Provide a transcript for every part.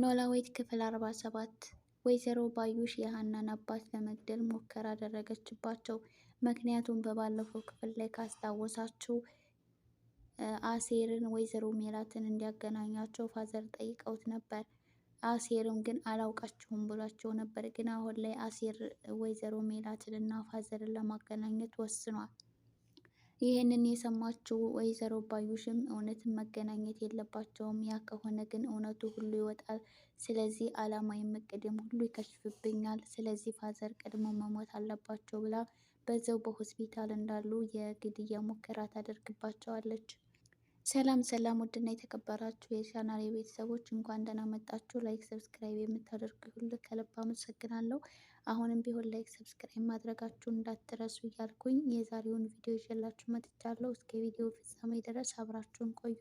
ኖላዊት ክፍል 47 ወይዘሮ ባዩሽ የሀናን አባት ለመግደል ሙከራ አደረገችባቸው። ምክንያቱም በባለፈው ክፍል ላይ ካስታወሳችሁ አሴርን ወይዘሮ ሜላትን እንዲያገናኛቸው ፋዘር ጠይቀውት ነበር። አሴርም ግን አላውቃችሁም ብሏቸው ነበር። ግን አሁን ላይ አሴር ወይዘሮ ሜላትን እና ፋዘርን ለማገናኘት ወስኗል። ይህንን የሰማችው ወይዘሮ ባዩሽም እውነትን መገናኘት የለባቸውም፣ ያ ከሆነ ግን እውነቱ ሁሉ ይወጣል። ስለዚህ አላማ የምቅድም ሁሉ ይከሽፍብኛል። ስለዚህ ፋዘር ቀድሞ መሞት አለባቸው ብላ በዛው በሆስፒታል እንዳሉ የግድያ ሙከራ ታደርግባቸዋለች። ሰላም ሰላም፣ ውድና የተከበራችሁ የቻናል ቤተሰቦች እንኳን ደህና መጣችሁ። ላይክ ሰብስክራይብ የምታደርጉ ሁሉ ከልብ አመሰግናለሁ። አሁንም ቢሆን ላይክ ሰብስክራይብ ማድረጋችሁ እንዳትረሱ እያልኩኝ የዛሬውን ቪዲዮ ይዤላችሁ መጥቻለሁ። እስከ ቪዲዮ ፍጻሜ ድረስ አብራችሁን ቆዩ።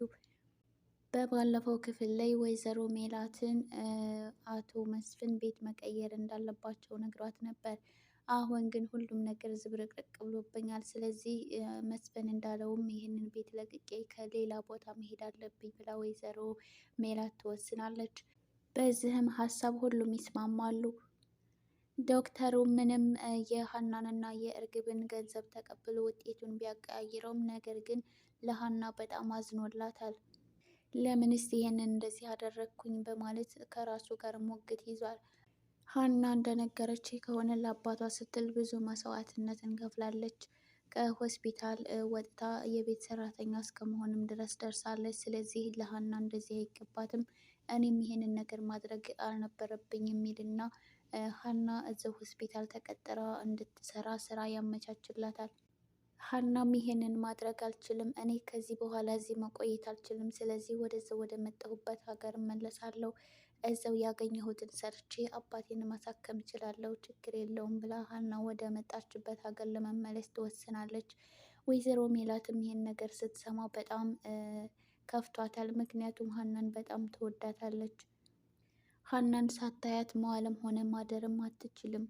በባለፈው ክፍል ላይ ወይዘሮ ሜላትን አቶ መስፍን ቤት መቀየር እንዳለባቸው ነግሯት ነበር። አሁን ግን ሁሉም ነገር ዝብርቅርቅ ብሎብኛል። ስለዚህ መስፍን እንዳለውም ይህንን ቤት ለቅቄ ከሌላ ቦታ መሄድ አለብኝ ብላ ወይዘሮ ሜላት ትወስናለች። በዚህም ሀሳብ ሁሉም ይስማማሉ። ዶክተሩ ምንም የሀናንና የእርግብን ገንዘብ ተቀብሎ ውጤቱን ቢያቀያይረውም ነገር ግን ለሀና በጣም አዝኖላታል። ለምንስ ይህንን እንደዚህ አደረግኩኝ በማለት ከራሱ ጋር ሞግት ይዟል። ሀና እንደነገረች ከሆነ ለአባቷ ስትል ብዙ መስዋዕትነት እንከፍላለች። ከሆስፒታል ወጥታ የቤት ሰራተኛ እስከመሆንም ድረስ ደርሳለች። ስለዚህ ለሀና እንደዚህ አይገባትም፣ እኔም ይሄንን ነገር ማድረግ አልነበረብኝ የሚልና ሀና እዚው ሆስፒታል ተቀጥራ እንድትሰራ ስራ ያመቻችላታል። ሀናም ይሄንን ማድረግ አልችልም፣ እኔ ከዚህ በኋላ እዚህ መቆየት አልችልም፣ ስለዚህ ወደዚህ ወደ መጣሁበት ሀገር እመለሳለሁ እዛው ያገኘሁትን ሰርቼ አባቴን ማሳከም እችላለሁ፣ ችግር የለውም ብላ ሀና ወደ መጣችበት ሀገር ለመመለስ ትወስናለች። ወይዘሮ ሜላትም ይሄን ነገር ስትሰማ በጣም ከፍቷታል። ምክንያቱም ሀናን በጣም ትወዳታለች። ሀናን ሳታያት መዋልም ሆነ ማደርም አትችልም።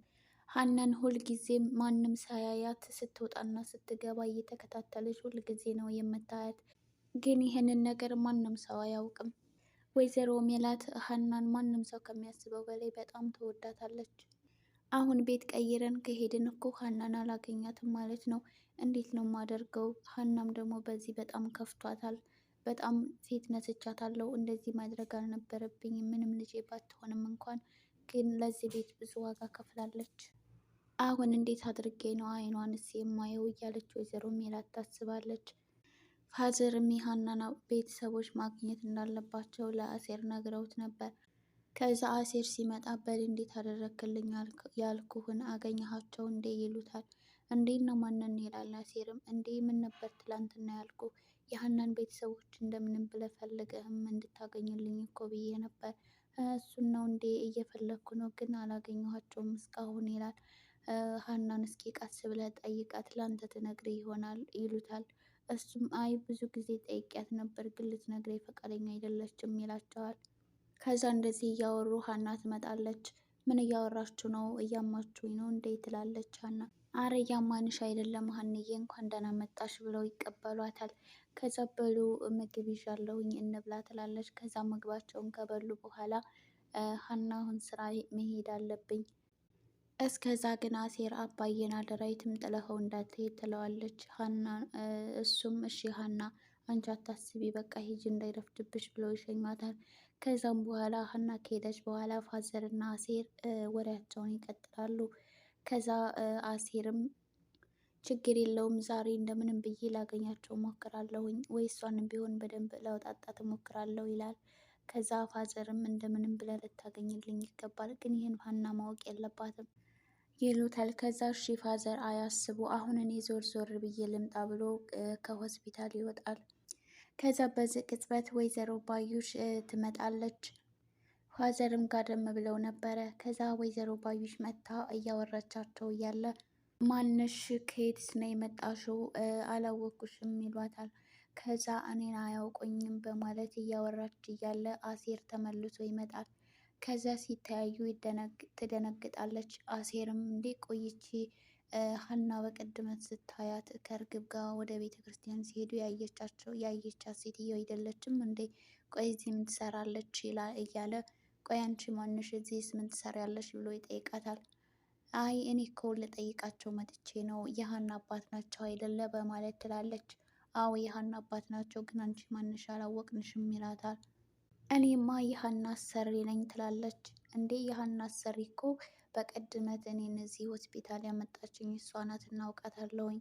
ሀናን ሁልጊዜም ማንም ሳያያት ስትወጣና ስትገባ እየተከታተለች ሁልጊዜ ነው የምታያት። ግን ይህንን ነገር ማንም ሰው አያውቅም። ወይዘሮ ሜላት ሀናን ማንም ሰው ከሚያስበው በላይ በጣም ትወዳታለች። አሁን ቤት ቀይረን ከሄድን እኮ ሀናን አላገኛትም ማለት ነው። እንዴት ነው የማደርገው? ሀናም ደግሞ በዚህ በጣም ከፍቷታል። በጣም ሴት ነስቻታለሁ። እንደዚህ ማድረግ አልነበረብኝም። ምንም ልጄ ባትሆንም እንኳን ግን ለዚህ ቤት ብዙ ዋጋ ከፍላለች። አሁን እንዴት አድርጌ ነው አይኗንስ የማየው? እያለች ወይዘሮ ሜላት ታስባለች። ፋዘር የሚሀናና ቤተሰቦች ማግኘት እንዳለባቸው ለአሴር ነግረውት ነበር። ከዛ አሴር ሲመጣ በል እንዴት አደረክልኝ ያልኩህን አገኘሃቸው እንዴ ይሉታል። እንዴት ነው ማንን ይላል። አሴርም እንዴ ምን ነበር ትላንትና ያልኩ የሀናን ቤተሰቦች እንደምንም ብለህ ፈልገህም እንድታገኝልኝ እኮ ብዬ ነበር። እሱን ነው እንዴ እየፈለግኩ ነው ግን አላገኘኋቸውም እስካሁን ይላል። ሀናን እስኪ ቀስ ብለህ ጠይቃት ላንተ ትነግር ይሆናል ይሉታል። እሱም አይ ብዙ ጊዜ ጠይቂያት ነበር ግን ልትነግረኝ ፈቃደኛ አይደለችም ይላቸዋል። ከዛ እንደዚህ እያወሩ ሀና ትመጣለች። ምን እያወራችሁ ነው? እያማችሁኝ ነው እንዴ? ትላለች ሀና። አረ እያማንሽ አይደለም ሀንዬ፣ እንኳን ደህና መጣሽ ብለው ይቀበሏታል። ከዛ በሉ ምግብ ይዣለሁኝ እንብላ ትላለች። ከዛ ምግባቸውን ከበሉ በኋላ ሀና አሁን ስራ መሄድ አለብኝ እስከዛ ግን አሴር አባዬን አደራ የትም ጥለኸው እንዳትሄድ ትለዋለች። ሀና እሱም እሺ ሀና አንቺ አታስቢ በቃ ሂጂ እንዳይረፍድብሽ ብሎ ይሸኛታል። ከዛም በኋላ ሀና ከሄደች በኋላ ፋዘር እና አሴር ወሬያቸውን ይቀጥላሉ። ከዛ አሴርም ችግር የለውም ዛሬ እንደምንም ብዬ ላገኛቸው ሞክራለሁኝ ወይ እሷንም ቢሆን በደንብ ለውጣጣት ሞክራለሁ ይላል። ከዛ ፋዘርም እንደምንም ብለህ ልታገኝልኝ ይገባል፣ ግን ይህን ሀና ማወቅ የለባትም ይሉታል። ከዛ እሺ ፋዘር አያስቡ፣ አሁን እኔ ዞር ዞር ብዬ ልምጣ ብሎ ከሆስፒታል ይወጣል። ከዛ በዚህ ቅጽበት ወይዘሮ ባዩሽ ትመጣለች። ፋዘርም ጋደም ብለው ነበረ። ከዛ ወይዘሮ ባዩሽ መታ እያወራቻቸው እያለ ማንሽ ከየትስ ነው የመጣሽው? አላወቁሽም ይሏታል። ከዛ እኔን አያውቁኝም በማለት እያወራች እያለ አሴር ተመልሶ ይመጣል። ከዛ ሲተያዩ ትደነግጣለች። አሴርም እንዴ ቆይቼ ሀና በቅድመት ስታያት ከእርግብ ጋር ወደ ቤተ ክርስቲያን ሲሄዱ ያየቻቸው ያየቻት ሴትዮ አይደለችም እንዴ? ቆይ እዚህ ምን ትሰራለች? እያለ ቆይ አንቺ ማንሽ እዚህስ ምን ትሰሪያለሽ? ብሎ ይጠይቃታል። አይ እኔ እኮ ልጠይቃቸው መጥቼ ነው የሀና አባት ናቸው አይደለ? በማለት ትላለች። አዎ የሀና አባት ናቸው፣ ግን አንቺ ማንሽ አላወቅንሽም ይላታል። እኔማ የሀና አሰሪ ነኝ ትላለች። እንዴ የሀና አሰሪ እኮ በቅድመት እኔን እዚህ ሆስፒታል ያመጣችኝ እሷ ናት እናውቃታለሁኝ።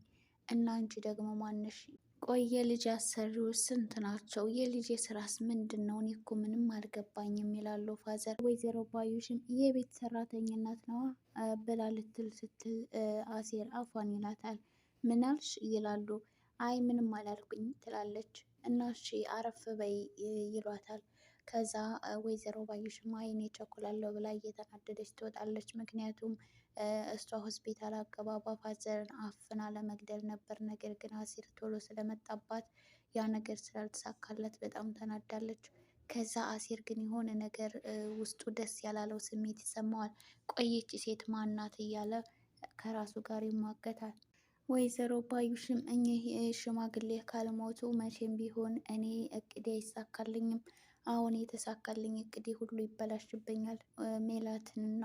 እና አንቺ ደግሞ ማነሽ? ቆይ የልጅ አሰሪዎች ስንት ናቸው? የልጅ ስራስ ምንድን ነው? እኔ እኮ ምንም አልገባኝም ይላሉ ፋዘር። ወይዘሮ ባዩሽም የቤት ሰራተኝነት ነዋ ብላ ልትል ስትል አሴር አፏን ይላታል። ምናልሽ ይላሉ። አይ ምንም አላልኩኝ ትላለች። እና እሺ አረፍ በይ ይሏታል። ከዛ ወይዘሮ ባዩሽማ የኔ ቸኩላለሁ ብላ እየተናደደች ትወጣለች። ምክንያቱም እሷ ሆስፒታል አገባባ ፋዘርን አፍና ለመግደል ነበር። ነገር ግን አሲር ቶሎ ስለመጣባት ያ ነገር ስላልተሳካለት በጣም ተናዳለች። ከዛ አሲር ግን የሆነ ነገር ውስጡ ደስ ያላለው ስሜት ይሰማዋል። ቆየች ሴት ማናት እያለ ከራሱ ጋር ይሟገታል። ወይዘሮ ባዩሽም እኚህ ሽማግሌ ካልሞቱ መቼም ቢሆን እኔ እቅዴ አይሳካልኝም አሁን የተሳካልኝ እቅዴ ሁሉ ይበላሽብኛል። ሜላትንና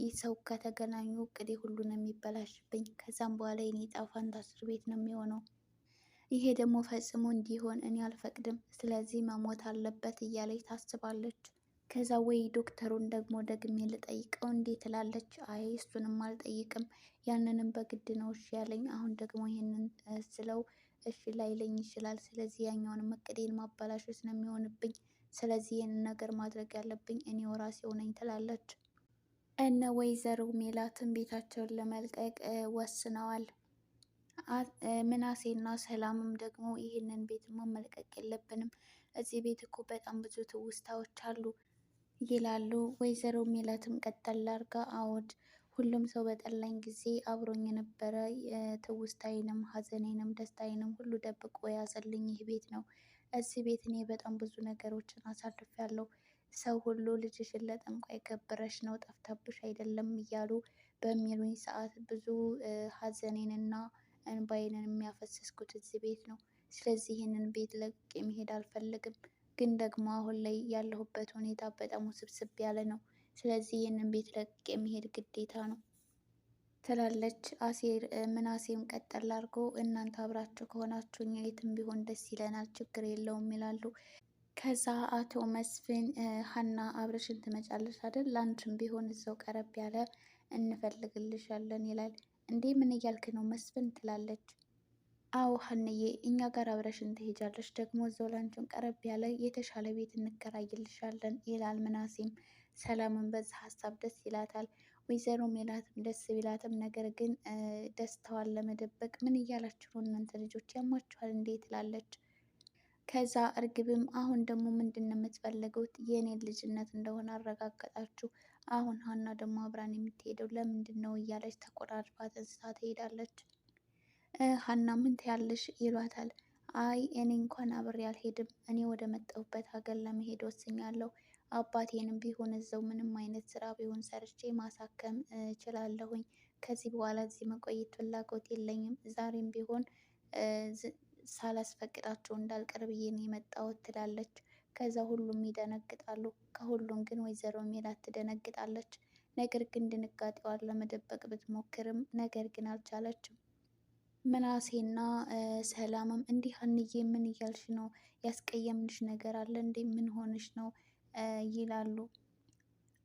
ይህ ሰው ከተገናኙ እቅዴ ሁሉ ነው የሚበላሽብኝ። ከዛም በኋላ የኔ ዕጣ ፈንታ እስር ቤት ነው የሚሆነው። ይሄ ደግሞ ፈጽሞ እንዲሆን እኔ አልፈቅድም። ስለዚህ መሞት አለበት እያለች ታስባለች። ከዛ ወይ ዶክተሩን ደግሞ ደግሜ ልጠይቀው እንዴት ትላለች። አይ እሱንም አልጠይቅም፣ ያንንም በግድ ነው እሺ ያለኝ። አሁን ደግሞ ይህንን ስለው እሺ ላይለኝ ይችላል። ስለዚህ ያኛውንም እቅዴን ማበላሸት ነው የሚሆንብኝ። ስለዚህ ይህንን ነገር ማድረግ ያለብኝ እኔው ራሴው ነኝ ትላለች። እነ ወይዘሮ ሜላትን ቤታቸውን ለመልቀቅ ወስነዋል። ምናሴና ሰላምም ደግሞ ይህንን ቤት ማመልቀቅ የለብንም እዚህ ቤት እኮ በጣም ብዙ ትውስታዎች አሉ ይላሉ። ወይዘሮ ሜላትም ቀጠል አድርጋ አዎድ ሁሉም ሰው በጠላኝ ጊዜ አብሮኝ የነበረ ትውስታዬንም ሀዘኔንም ደስታዬንም ሁሉ ደብቆ የያዘልኝ ይህ ቤት ነው። እዚህ ቤት እኔ በጣም ብዙ ነገሮችን አሳልፌያለሁ። ሰው ሁሉ ልጅሽን ለጠንቋይ ገብረሽ ነው ጠፍታብሽ አይደለም እያሉ በሚሉኝ ሰዓት ብዙ ሀዘኔንና እንባዬንን የሚያፈሰስኩት እዚህ ቤት ነው። ስለዚህ ይህንን ቤት ለቅቄ መሄድ አልፈልግም። ግን ደግሞ አሁን ላይ ያለሁበት ሁኔታ በጣም ውስብስብ ያለ ነው። ስለዚህ ይህንን ቤት ለቅቄ የሚሄድ ግዴታ ነው ትላለች። አሴር ምናሴም ቀጠል አድርጎ እናንተ አብራችሁ ከሆናችሁ እኛ የትም ቢሆን ደስ ይለናል፣ ችግር የለውም ይላሉ። ከዛ አቶ መስፍን ሀና አብረሽን ትመጫለሽ አይደል? ላንቺም ቢሆን እዛው ቀረብ ያለ እንፈልግልሻለን ይላል። እንዴ ምን እያልክ ነው መስፍን ትላለች። አዎ ሀንዬ እኛ ጋር አብረሽን ትሄጃለሽ፣ ደግሞ እዛው ላንቺም ቀረብ ያለ የተሻለ ቤት እንከራይልሻለን ይላል ምናሴም ሰላምን በዛ ሀሳብ ደስ ይላታል። ወይዘሮ ሜላትም ደስ ቢላትም ነገር ግን ደስታዋን ለመደበቅ ምን እያላችሁ ነው እናንተ ልጆች ያሟችኋል እንዴት ትላለች። ከዛ እርግብም አሁን ደግሞ ምንድን ነው የምትፈልጉት? የእኔን ልጅነት እንደሆነ አረጋገጣችሁ። አሁን ሀና ደግሞ አብራን የምትሄደው ለምንድን ነው እያለች ተቆራርፋ ተንስታ ትሄዳለች። ሀና ምን ትያለሽ ይሏታል። አይ እኔ እንኳን አብሬ አልሄድም። እኔ ወደ መጣሁበት ሀገር ለመሄድ ወስኛለሁ። አባቴንም ቢሆን እዛው ምንም አይነት ስራ ቢሆን ሰርቼ ማሳከም እችላለሁኝ። ከዚህ በኋላ እዚህ መቆየት ፍላጎት የለኝም። ዛሬም ቢሆን ሳላስፈቅዳቸው እንዳልቀር ብዬ ነው የመጣሁት ትላለች። ከዛ ሁሉም ይደነግጣሉ። ከሁሉም ግን ወይዘሮ ሜላት ትደነግጣለች። ነገር ግን ድንጋጤዋን ለመደበቅ ብትሞክርም ነገር ግን አልቻለችም። ምናሴና ሰላምም እንዲህ አንዬ ምን እያልሽ ነው? ያስቀየምንሽ ነገር አለ እንዴ? ምን ሆንሽ ነው? ይላሉ።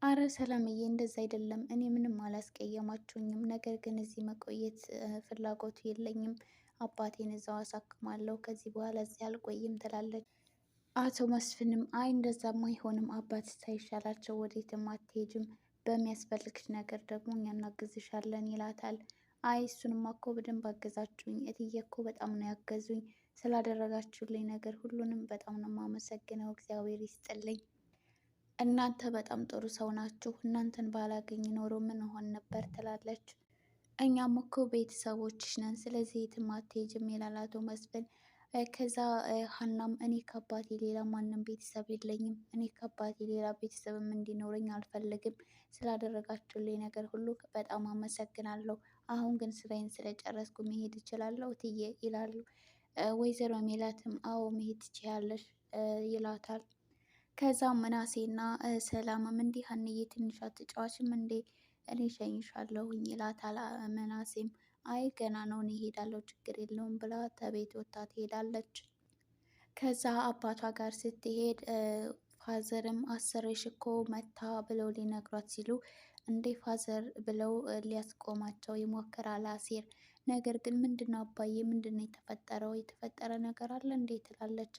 አረ ሰላምዬ፣ እንደዛ አይደለም። እኔ ምንም አላስቀየማችሁኝም። ነገር ግን እዚህ መቆየት ፍላጎቱ የለኝም። አባቴን እዛው አሳክማለሁ። ከዚህ በኋላ እዚህ አልቆይም ትላለች። አቶ መስፍንም አይ እንደዛም አይሆንም፣ አባት ሳይሻላቸው ወዴትም አትሄጅም፣ በሚያስፈልግሽ ነገር ደግሞ እኛ እናግዝሻለን ይላታል። አይ እሱንማ እኮ በደንብ አገዛችሁኝ፣ እትዬ እኮ በጣም ነው ያገዙኝ። ስላደረጋችሁልኝ ነገር ሁሉንም በጣም ነው የማመሰግነው። እግዚአብሔር ይስጥልኝ እናንተ በጣም ጥሩ ሰው ናችሁ፣ እናንተን ባላገኝ ኖሮ ምን ሆን ነበር ትላለች። እኛም እኮ ቤተሰቦችሽ ነን፣ ስለዚህ የትም አትሄጂም ይላል አቶ መስፍን። ከዛ ሀናም እኔ ከአባቴ ሌላ ማንም ቤተሰብ የለኝም፣ እኔ ከአባቴ ሌላ ቤተሰብም እንዲኖረኝ አልፈልግም። ስላደረጋችሁልኝ ነገር ሁሉ በጣም አመሰግናለሁ። አሁን ግን ስራዬን ስለጨረስኩ መሄድ እችላለሁ ትዬ ይላሉ። ወይዘሮ ሜላትም አዎ መሄድ ትችያለሽ ይላታል። ከዛም ምናሴና ሰላምም እንዲህ አንዬ ትንሽ አትጫዋችም እንዴ እኔ ሸኝሻለሁኝ ይላታል። መናሴም አይ ገና ነው እኔ እሄዳለሁ ችግር የለውም ብላ ተቤት ወጥታ ትሄዳለች። ከዛ አባቷ ጋር ስትሄድ ፋዘርም አሰሬሽ እኮ መታ ብለው ሊነግሯት ሲሉ እንዴ ፋዘር ብለው ሊያስቆማቸው ይሞክራል አሴር። ነገር ግን ምንድነው አባዬ ምንድነው የተፈጠረው? የተፈጠረ ነገር አለ እንዴ ትላለች።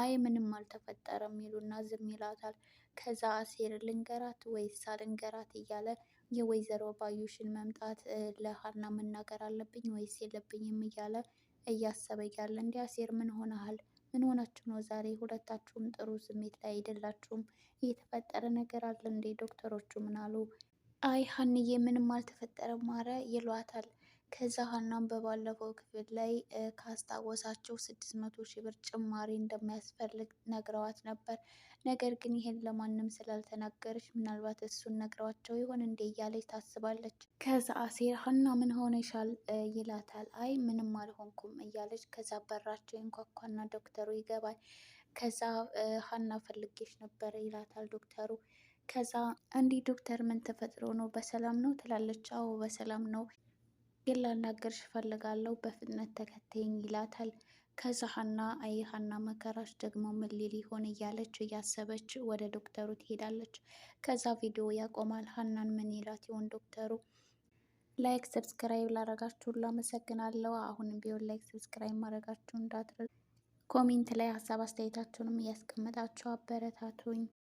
አይ ምንም አልተፈጠረም ይሉና ዝም ይላታል። ከዛ አሴር ልንገራት ወይስ አልንገራት እያለ የወይዘሮ ባዩሽን መምጣት ለሀና መናገር አለብኝ ወይስ የለብኝም እያለ እያሰበ እያለ እንዲ አሴር ምን ሆነሃል? ምን ሆናችሁ ነው ዛሬ ሁለታችሁም ጥሩ ስሜት ላይ አይደላችሁም? እየተፈጠረ ነገር አለ እንዴ? ዶክተሮቹ ምን አሉ? አይ ሀንዬ ምንም አልተፈጠረም ማረ ይሏታል። ከዛ ሀናም በባለፈው ክፍል ላይ ካስታወሳቸው ስድስት መቶ ሺህ ብር ጭማሪ እንደሚያስፈልግ ነግረዋት ነበር። ነገር ግን ይሄን ለማንም ስላልተናገረች ምናልባት እሱን ነግረዋቸው ይሆን እንዴ እያለች ታስባለች። ከዛ አሴር ሀና ምን ሆነሻል ይላታል። አይ ምንም አልሆንኩም እያለች ከዛ በራቸው ይንኳኳና ዶክተሩ ይገባል። ከዛ ሀና ፈልጌሽ ነበር ይላታል ዶክተሩ። ከዛ እንዲህ ዶክተር ምን ተፈጥሮ ነው በሰላም ነው ትላለች። አዎ በሰላም ነው ግን ላናገርሽ እፈልጋለሁ በፍጥነት ተከተይኝ ይላታል። ከዛ ሀና አይ ሀና መከራሽ ደግሞ ምን ሊል ይሆን እያለች እያሰበች ወደ ዶክተሩ ትሄዳለች። ከዛ ቪዲዮ ያቆማል። ሀናን ምን ይላት ይሆን ዶክተሩ? ላይክ ሰብስክራይብ ላረጋችሁ ሁሉ አመሰግናለሁ። አሁንም ቢሆን ላይክ ሰብስክራይብ ማድረጋችሁ እንዳትረሱ። ኮሜንት ላይ ሀሳብ አስተያየታችሁንም እያስቀመጣችሁ አበረታቱኝ።